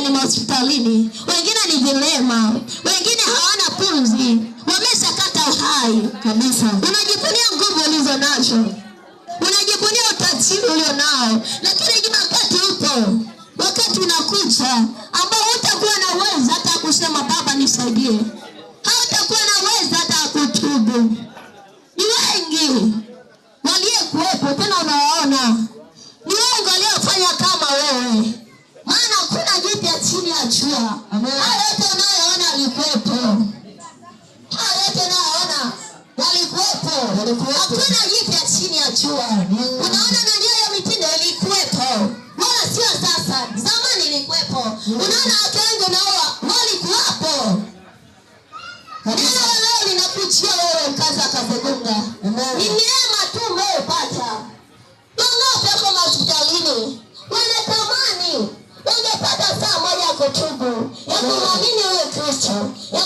wengine ni mahospitalini, wengine ni vilema, wengine hawana pumzi, wameshakata uhai kabisa. Unajivunia nguvu ulizo nazo, unajivunia utajiri ulio nao, lakini Jumakati upo wakati unakucha ambao hutakuwa na uwezo hata kusema Baba nisaidie. Haya yote alikuwepo. Haya yote walikuwepo. Hakuna jipya chini ya jua. Mungu, ya huyo Kristo, ya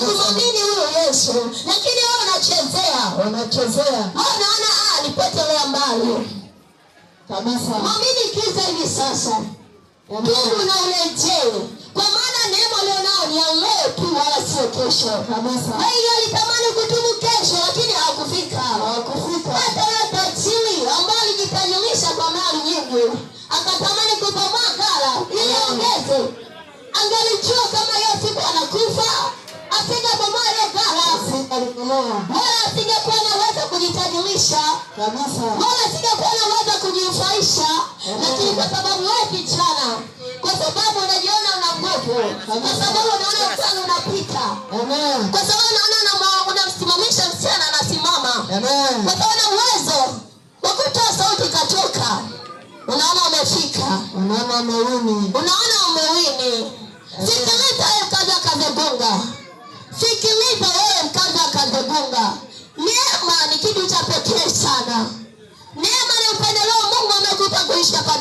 huyo Yesu, lakini wao wanachezea, wanachezea. Naona alipotelea mbali kabisa. Mwamini Kristo hivi sasa, tubu na urejee, kwa maana neema ulionao ni ya leo tu, wala sio kesho. Kabisa. Haiyo alitamani kutubu kesho, lakini hawakufika, hawakufika hata yeye tajiri ambaye alijitanyulisha kwa mali nyingi akatamani kubomoa ghala ili aongeze angelichua kama Yosefu anakufa, asingebomoa ile ghala, wala asingekuwa anaweza kujitajirisha wala asingekuwa anaweza kujinufaisha. Lakini kwa sababu wewe kijana, kwa sababu unajiona una nguvu, kwa sababu unaona mfano unapita, kwa sababu unaona unamsimamisha msichana anasimama, kwa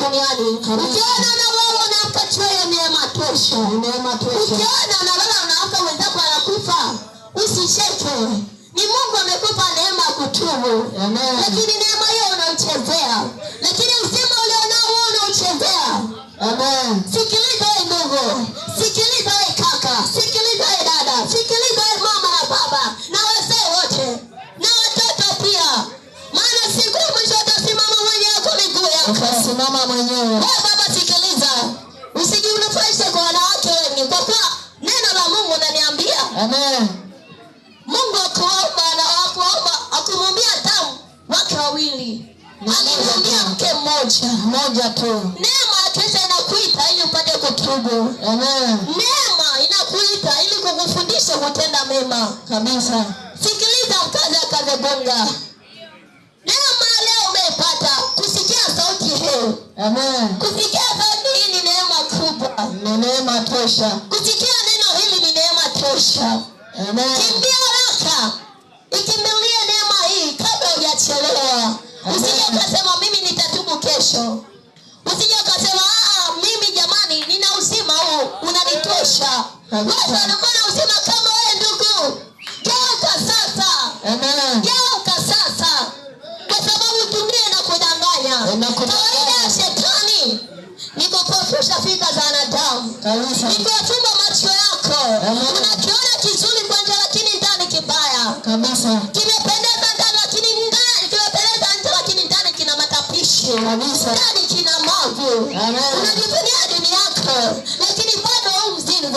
unaweka miadi. Ukiona unawawa unaamka chweyo, neema tosha, neema tosha. Ukiona unalala unaamka mwenzako anakufa, usicheke. Ni Mungu amekupa neema ya kutubu, lakini neema hiyo unaichezea, lakini uzima ulionao wewe unauchezea. Amen. Sikia mema inakuita ili kukufundisha kutenda mema. Kabisa. Sikiliza mkaza kaze bonga. Neema leo umeipata kusikia sauti hiyo. Amen. Kusikia sauti hii ni neema kubwa. Ni neema tosha. Kusikia neno hili ni neema tosha. Amen. Kimbia haraka. Ikimbilie neema hii kabla hujachelewa. Usije ukasema mimi nitatubu kesho. Hata anakuwa anasema kama wewe ndugu, geuka sasa, geuka sasa, kwa sababu dunia inakudanganya. Kawaida ya shetani ni kupofusha fikra za wanadamu, ni kuyafumba macho yako. Unakiona kizuri kwa nje, lakini ndani kibaya kabisa. Kimependeza ndani, lakini ndani kimependeza nje, lakini ndani kina matapishi, ndani kina mavu. Unajivunia dini yako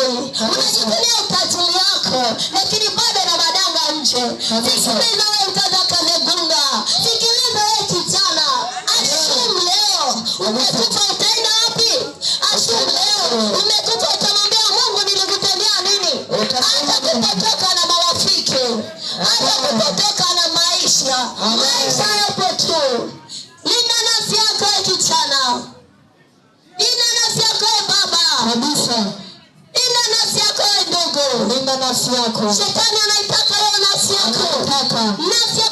anashikilia utajiri wako, lakini bado na madanga nje. Sikiliza we mtoto Kazegunga, sikiliza we kijana, ashumu leo. Umekufa utaenda wapi? Ashumu leo, umekufa utamwambia Mungu nilikutendea nini? Hata kupotoka na marafiki, hata kupotoka na maisha, maisha yapo tu. Linda nafsi yako kijana, linda nafsi yako baba kabisa anapenda nafsi yako. Shetani anaitaka leo nafsi yako. Anataka. Nafsi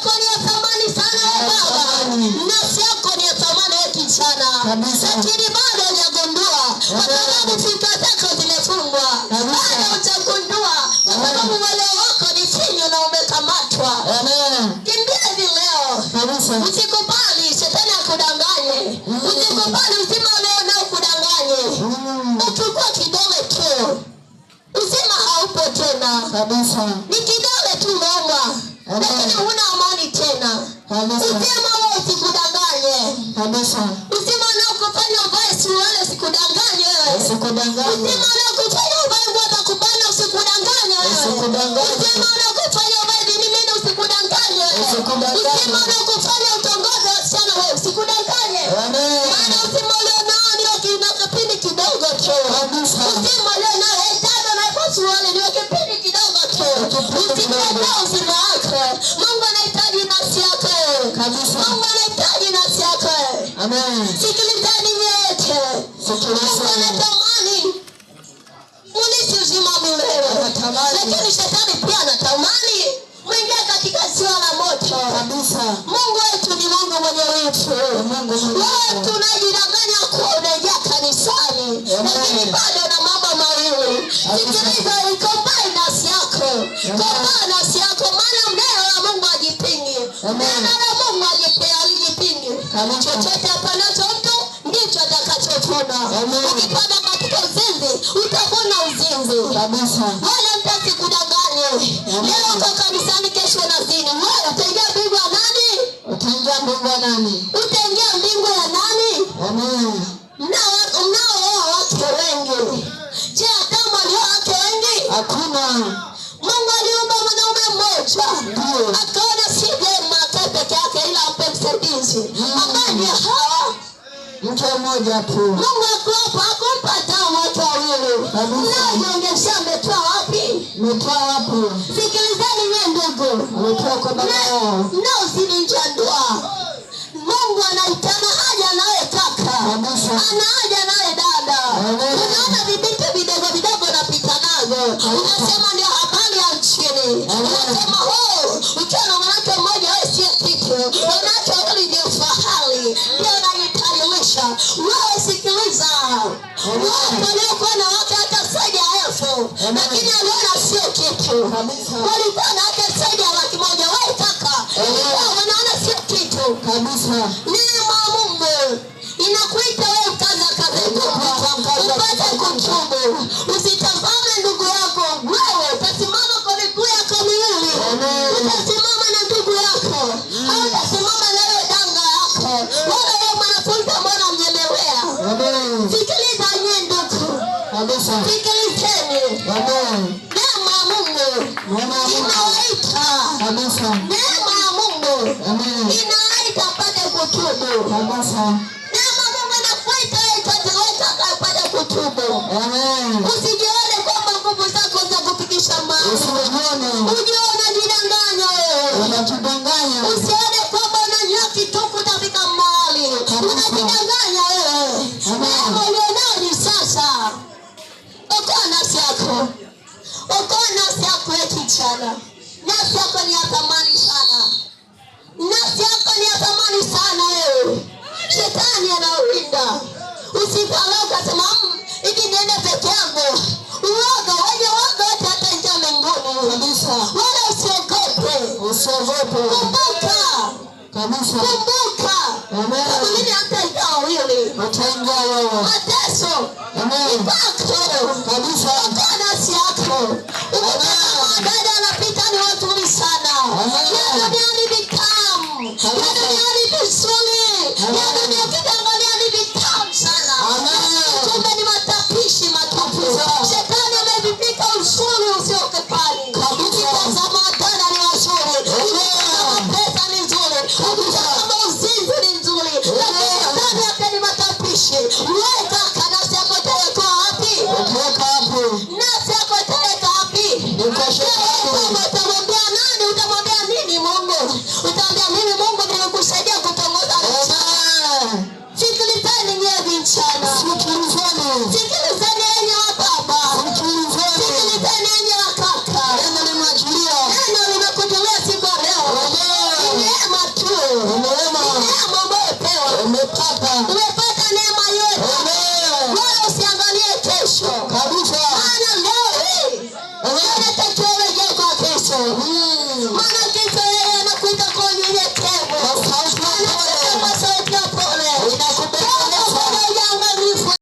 Kabisa. Ni kidole tu baba. Lakini huna amani tena. Kabisa. Usema wewe sikudanganye. Kabisa. Usema na ukufanya uvae wewe sikudanganye. wewe. Usikudanganye. Usema na ukufanya uvae Bwana za kubana usikudanganye wewe. Usikudanganye. Usema na ukufanya uvae mimi nini usikudanganye. Sikudanganye. Usema na leo zimeachwa. Mungu anahitaji nafsi yako kabisa. Mungu anahitaji nafsi yako. Amen. Sikilizeni wote. Mungu anatamani mnishi uzima milele, lakini shetani pia anatamani mwingia katika ziwa la moto kabisa. Mungu wetu ni Mungu mwenye wivu. Mungu wewe tunajidanganya kuwa unaingia kanisani, lakini bado na mambo mawili toba. Ukipanda katika uzinzi utavuna uzinzi. Kabisa. Wala mtu asikudanganye. Leo moja tu. Mungu akupa akumpa hata watu wawili. Unajiongeshea ametoa wapi? Ametoa wapi? Sikilizeni nyie ndugu. Ametoa kwa baba yao. Na usininja dua. Mungu anaitana haja anayetaka. Kabisa. Ana haja nawe dada. Unaona vibitu vidogo vidogo napita nazo. Unasema ndio habari ya nchini. Unasema oh, waliokuwa na wake hata zaidi ya elfu, lakini aliona sio kitu. Walikuwa na wake zaidi ya laki moja waitaka, wanaona sio kitu. Neema Mungu inakuita wewe ukaza kazi upate kuchungu Amen. Neema kutubu. Kabisa. Neema kutubu. Amen. Usijione kwamba nguvu zako za kupigisha mawe. Usijione. Ujione unajidanganya. Kanisa Kumbuka. Kumbuka. Amen. Kama mimi hata wewe. Mateso. Amen.